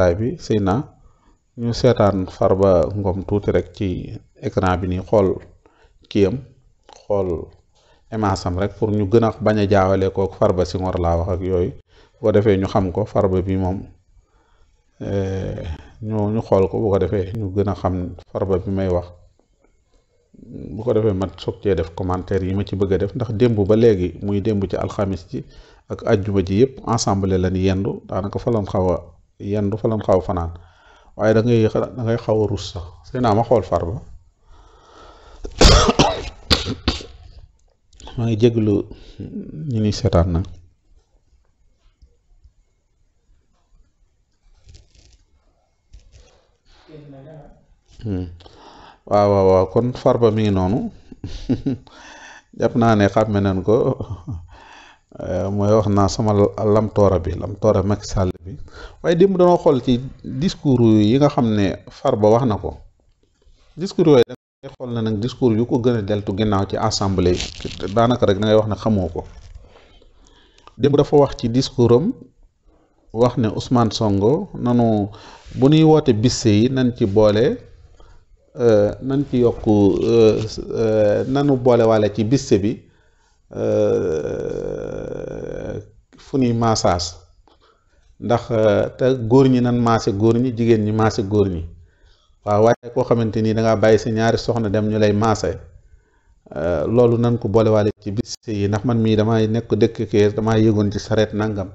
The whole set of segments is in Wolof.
waay bi sëy na ñu seetaan far ba Ngom tuuti rek ci écran bi nii xool kii kiyam xool émansam rek pour ñu gën a bañ a jaawale ko Farba si ngor laa wax ak yooyu boo defee ñu xam ko Farba bi moom eh, ñu ñu xool ko bu ko defee ñu gën a xam ba bi may wax bu ko defee ma soog cee def commentaire yi ma ci bëgg a def ndax démb ba léegi muy démb ci alxamis ji ak ajjuma ji yëpp ensemble la ni yendu daanaka fa lañ yendu fa lan xaw fanaan waaye da xaw a rus sax sëy naa ma xool far ba maa ngi jéglu ñu ni seetaan nag hmm. waaw waaw waaw kon farba mi ngi noonu jàpp naa ne xàmme nañ ko Euh, mooy wax naa sama lamtoora bi lamtoora Macky sàll bi waaye démb danoo xool ci discours yi nga xam ne far ba wax na ko discours yooyu da ngay na nag discours yu ko gën a deltu ginnaaw ci assemblée daanaka rek da wax ne xamoo ko démb dafa wax ci discours wax ne usmaan songo nanu bu nuy woote bisse yi nan ci boole euh, nan ci yokk euh, nanu boole waale ci bisse bi fu ñuy maasaas ndax euh, te góor ñi nan maase góor ñi jigéen ñi maase góor ñi waaw waaye koo xamante ni dangaa bàyyi si ñaari soxna dem ñu lay maase euh, loolu nan ko boolewaale ci bis yi ndax man mii damay nekk dëkk kër damaa yëgoon ci sareet nangam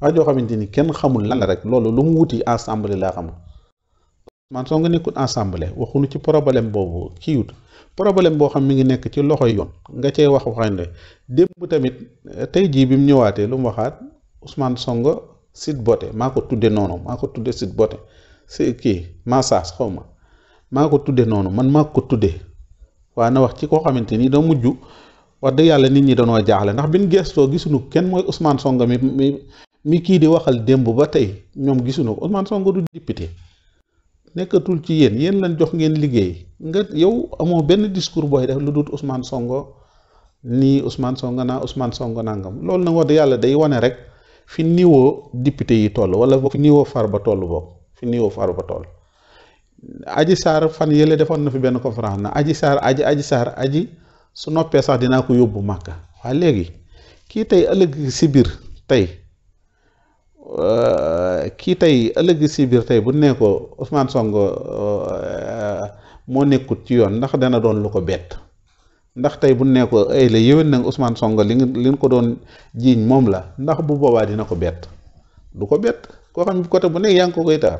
waa joo xamante ni kenn xamul lan rek loolu lu mu wuti assemblée laa xamul man soo nga nekkul ensemble waxuñu ci problème boobu kiiwut problème boo xam mi ngi nekk ci loxo yoon nga cee wax waxande démb tamit eh, tey jii bi mu ñëwaatee lu mu waxaat Ousmane songo site bote maa ko tudde noonu maa ko tudde site kii massage xaw ma maa ko tudde noonu man maa ko tuddee waa na wax ci koo xamante ni da mujj wax dëgg yàlla nit ñi danoo jaaxle ndax bin gestoo gisuñu kenn mooy Ousmane songo mi mi kii di waxal démb ba tey ñoom gisuñu ko songo du député nekkatul ci yéen yéen lan jox ngeen liggéey nga yow amoo benn discours booy def lu dut Ousmane songo nii Ousmane Sonko naa Ousmane Sonko nangam loolu nag wax dëgg yàlla day wane rek fi niwoo député yi toll wala fi niveau Farba toll boobu fi niveau Farba toll. Aji Sarr fan yële defoon na fi benn conférence na Aji Sarr aji Aji Sarr aji su noppee sax dinaa ko yóbbu Màkka waaye léegi kii tey ëllëg si biir tey. Euh, kii tey ëllëg si biir tey bu nee ko Ousmane Sonko euh, moo nekkut ci yoon ndax dana doon lu ko bett ndax tey bu nee ko ay na Ousmane Sonko li nga ko doon jiiñ moom la ndax bu boobaa dina ko bett du ko bett koo côté bu nekk yaa ngi ko koy taal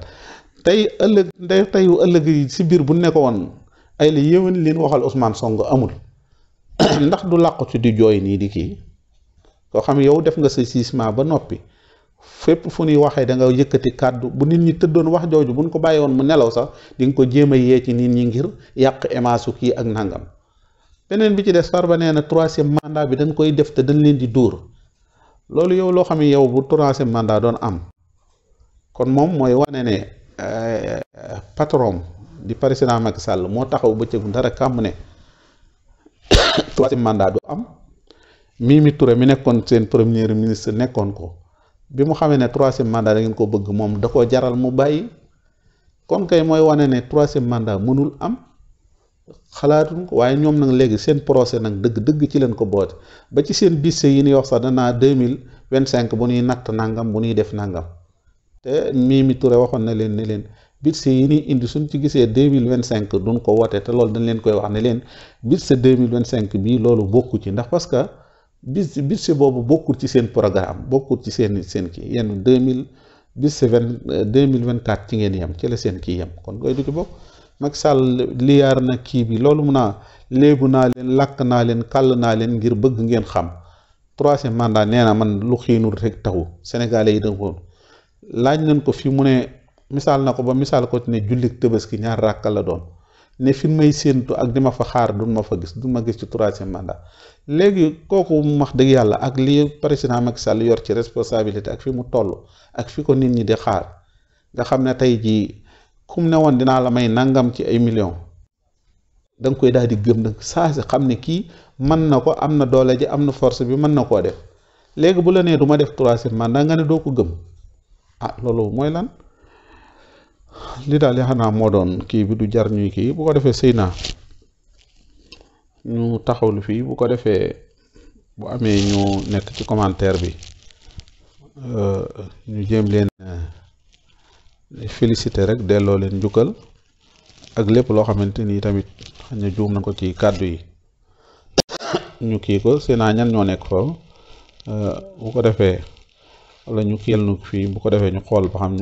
tey ëllëg ndey si biir bu ne ko woon ay la yéwén waxal Ousmane Sonko amul ndax du làqu ci di jooy nii di kii koo xam yow def nga sa siisement ba noppi. fépp fu ñuy waxee da nga yëkkati kàddu bu nit ñi tëddoon wax jooju buñ ko bàyyi woon mu nelaw sax di nga ko jéem a yee ci nit ñi ngir yàq emaasu kii ak nangam beneen bi ci des Farba nee na troisième mandat bi dañ koy def te dañ leen di dóor loolu yow loo xam ne yow bu troisième mandat doon am kon moom mooy wane ne euh, patron di président Macky Sall moo taxaw bëccëgu dara kàmm ne troisième mandat du am Mimi Touré mi nekkoon seen premier ministre nekkoon ko. bi mu xamee ne troisième mandat da ngeen ko bëgg moom da ko jaral mu bàyyi kon kay mooy wane ne troisième mandat mënul am xalaatuñ waaye ñoom nag léegi seen procès nag dëgg dëgg ci leen ko boote ba ci seen bisse yi ñuy wax sax danaa deux mille vingt cinq bu ñuy natt nangam bu ñuy def nangam te Mimi Touré waxoon na leen ni leen bisse yi ñuy indi suñ ci gisee deux mille vingt cinq duñ ko woote te loolu dañ leen koy wax ne leen bisse deux mille cinq bii loolu bokku ci ndax parce que. bis budget boobu bokkul ci seen programme bokkul ci seen seen kii yéen deux mille budget vingt euh, deux mille vingt quatre ci ngeen yem ci la seen kii yem kon koy du ci bokk Macky Sall liyaar na kii bi loolu mun naa léebu naa leen làkk naa leen kàll naa leen ngir bëgg ngeen xam troisième mandat nee na man lu xiinu rek taxu sénégalais yi da ko laaj nañ ko fi mu ne misaal na ko ba misaal ko ci ne jullik ki ñaar ràkk la doon ne fi may séentu ak di ma fa xaar duñ ma fa gis duñ ma gis ci troisième mandat léegi kooku mu wax dëgg yàlla ak li président Macky Sall yor ci responsabilité ak fi mu toll ak fi ko nit ñi di xaar nga xam ne tey jii kum ne woon dinaa la may nangam ci ay millions da koy daal di gëm nag saa si xam ne kii mën na ko am na doole ji am na force bi mën na koo def léegi bu la nee du ma def troisième mandat nga ne doo ko gëm ah loolu mooy lan. li daal yaakaar naa moo doon kii bi du jar ñuy kii bu ko defee sëy naa ñu taxawlu fii bu ko defee bu amee ñu nekk ci commentaire bi euh, ñu jéem leen euh, félicité rek delloo leen njukkal ak lépp loo xamante ni tamit xañ na juum na ko ci kàddu yi ñu kii ko sëy naa ñan ñoo nekk foofu euh, bu ko defee wala ñu kiyal nu fii bu ko defee ñu xool ba xam